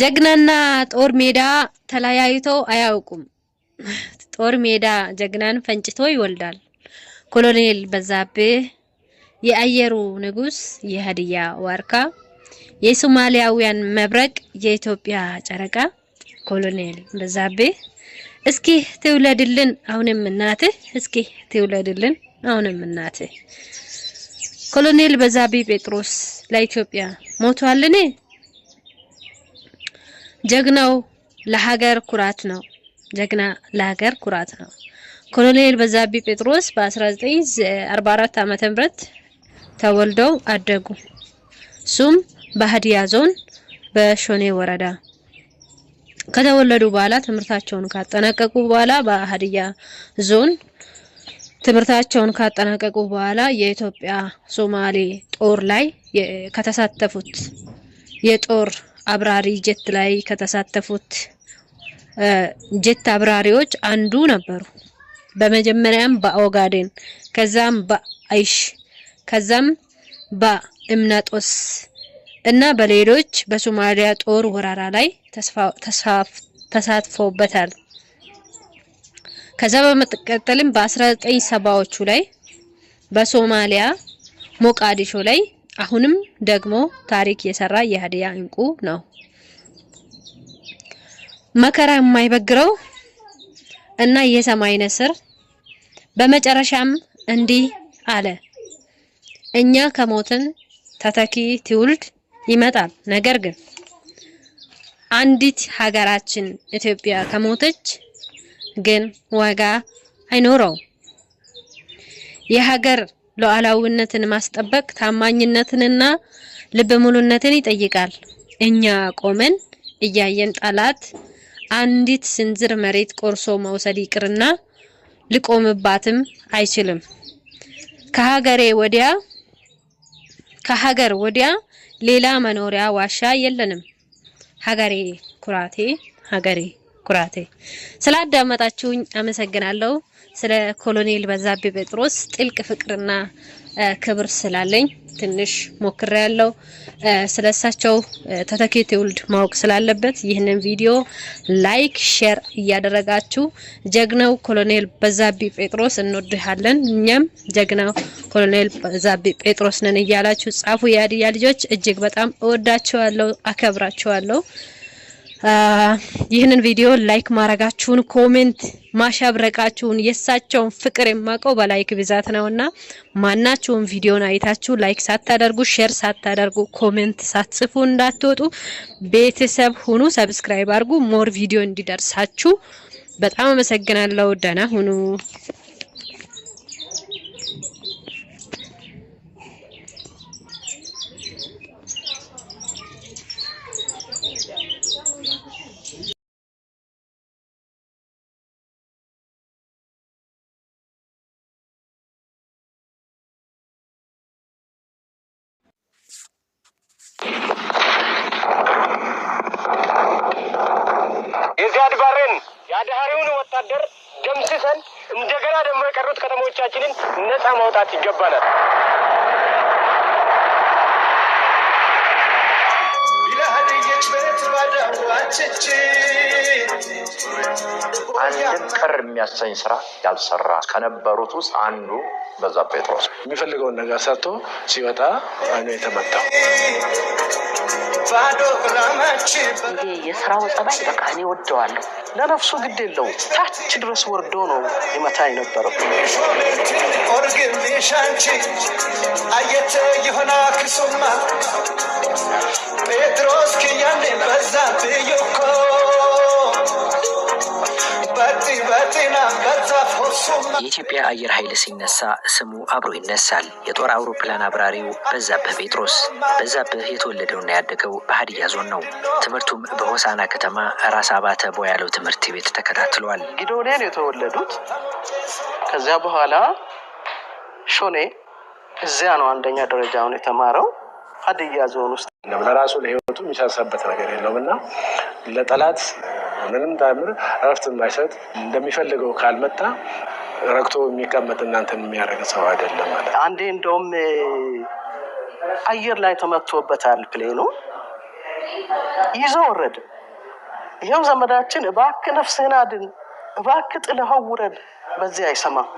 ጀግናና ጦር ሜዳ ተለያይተው አያውቁም። ጦር ሜዳ ጀግናን ፈንጭቶ ይወልዳል። ኮሎኔል በዛብህ የአየሩ ንጉስ፣ የሀዲያ ዋርካ፣ የሶማሊያውያን መብረቅ፣ የኢትዮጵያ ጨረቃ ኮሎኔል በዛብህ እስኪ ትውለድልን አሁንም እናትህ፣ እስኪ ትውለድልን አሁንም እናትህ። ኮሎኔል በዛብህ ጴጥሮስ ለኢትዮጵያ ሞቷልን? ጀግናው ለሀገር ኩራት ነው። ጀግና ለሀገር ኩራት ነው። ኮሎኔል በዛቢ ጴጥሮስ በ1944 ዓመተ ምህረት ተወልደው አደጉ። እሱም በሀዲያ ዞን በሾኔ ወረዳ ከተወለዱ በኋላ ትምህርታቸውን ካጠናቀቁ በኋላ በሀዲያ ዞን ትምህርታቸውን ካጠናቀቁ በኋላ የኢትዮጵያ ሶማሌ ጦር ላይ ከተሳተፉት የጦር አብራሪ ጀት ላይ ከተሳተፉት ጀት አብራሪዎች አንዱ ነበሩ። በመጀመሪያም በኦጋዴን ከዛም በአይሽ ከዛም በእምናጦስ እና በሌሎች በሶማሊያ ጦር ወረራ ላይ ተሳትፎበታል። ከዛ በመቀጠልም በ1970ዎቹ ላይ በሶማሊያ ሞቃዲሾ ላይ አሁንም ደግሞ ታሪክ የሰራ የሀዲያ እንቁ ነው። መከራ የማይበግረው እና የሰማይ ነስር በመጨረሻም እንዲህ አለ። እኛ ከሞትን ተተኪ ትውልድ ይመጣል። ነገር ግን አንዲት ሀገራችን ኢትዮጵያ ከሞተች ግን ዋጋ አይኖረው። የሀገር ሉዓላዊነትን ማስጠበቅ ታማኝነትንና ልብ ሙሉነትን ይጠይቃል። እኛ ቆመን እያየን ጠላት አንዲት ስንዝር መሬት ቆርሶ መውሰድ ይቅርና ልቆምባትም አይችልም። ከሀገሬ ወዲያ ከሀገር ወዲያ ሌላ መኖሪያ ዋሻ የለንም። ሀገሬ ኩራቴ ሀገሬ ኩራቴ። ስላዳመጣችሁኝ አመሰግናለሁ። ስለ ኮሎኔል በዛብህ ጴጥሮስ ጥልቅ ፍቅርና ክብር ስላለኝ ትንሽ ሞክሬ ያለው ስለ እሳቸው ተተኪ ትውልድ ማወቅ ስላለበት ይህንን ቪዲዮ ላይክ፣ ሼር እያደረጋችሁ ጀግናው ኮሎኔል በዛብህ ጴጥሮስ እንወድሃለን፣ እኛም ጀግናው ኮሎኔል በዛብህ ጴጥሮስ ነን እያላችሁ ጻፉ። የሀዲያ ልጆች እጅግ በጣም እወዳችኋለሁ፣ አከብራችኋለሁ። ይህንን ቪዲዮ ላይክ ማድረጋችሁን ኮሜንት ማሸብረቃችሁን የእሳቸውን ፍቅር የማውቀው በላይክ ብዛት ነውና ማናችሁን ቪዲዮን አይታችሁ ላይክ ሳታደርጉ ሼር ሳታደርጉ ኮሜንት ሳትጽፉ እንዳትወጡ። ቤተሰብ ሁኑ፣ ሰብስክራይብ አድርጉ፣ ሞር ቪዲዮ እንዲደርሳችሁ። በጣም አመሰግናለሁ። ደህና ሁኑ። የዚያድ ባሬን የአድሃሪውን ወታደር ደምስሰን እንደገና ደግሞ የቀሩት ከተሞቻችንን ነፃ ማውጣት ይገባናል። ባዳዋችች አንድም ቅር የሚያሰኝ ስራ ያልሰራ ከነበሩት ውስጥ አንዱ በዛ ጴጥሮስ የሚፈልገውን ነገር ሰርቶ ሲወጣ አይኑ የተመታው ይሄ የስራው ጸባይ በቃ እኔ ወደዋለሁ። ለነፍሱ ግድ የለው። ታች ድረስ ወርዶ ነው ይመታ የነበረው። ጴጥሮስ የኢትዮጵያ አየር ኃይል ሲነሳ ስሙ አብሮ ይነሳል። የጦር አውሮፕላን አብራሪው በዛብህ ጴጥሮስ። በዛብህ የተወለደውና ያደገው በሀዲያ ዞን ነው። ትምህርቱም በሆሳና ከተማ ራስ አባተ ቦያለው ትምህርት ቤት ተከታትሏል። ጊዶንያን የተወለዱት ከዚያ በኋላ ሾኔ እዚያ ነው አንደኛ ደረጃውን የተማረው ሀዲያ ዞን ውስጥ ለራሱ ለህይወቱ የሚሳሳበት ነገር የለውም እና ለጠላት ምንም ታምር እረፍት የማይሰጥ እንደሚፈልገው ካልመጣ ረግቶ የሚቀመጥ እናንተን የሚያደርግ ሰው አይደለም ማለት አንዴ እንደውም አየር ላይ ተመቶበታል ፕሌኑ ይዘው ወረድ። ይኸው ዘመዳችን እባክ ነፍስህን አድን፣ እባክ ጥለኸው ውረድ። በዚህ አይሰማም።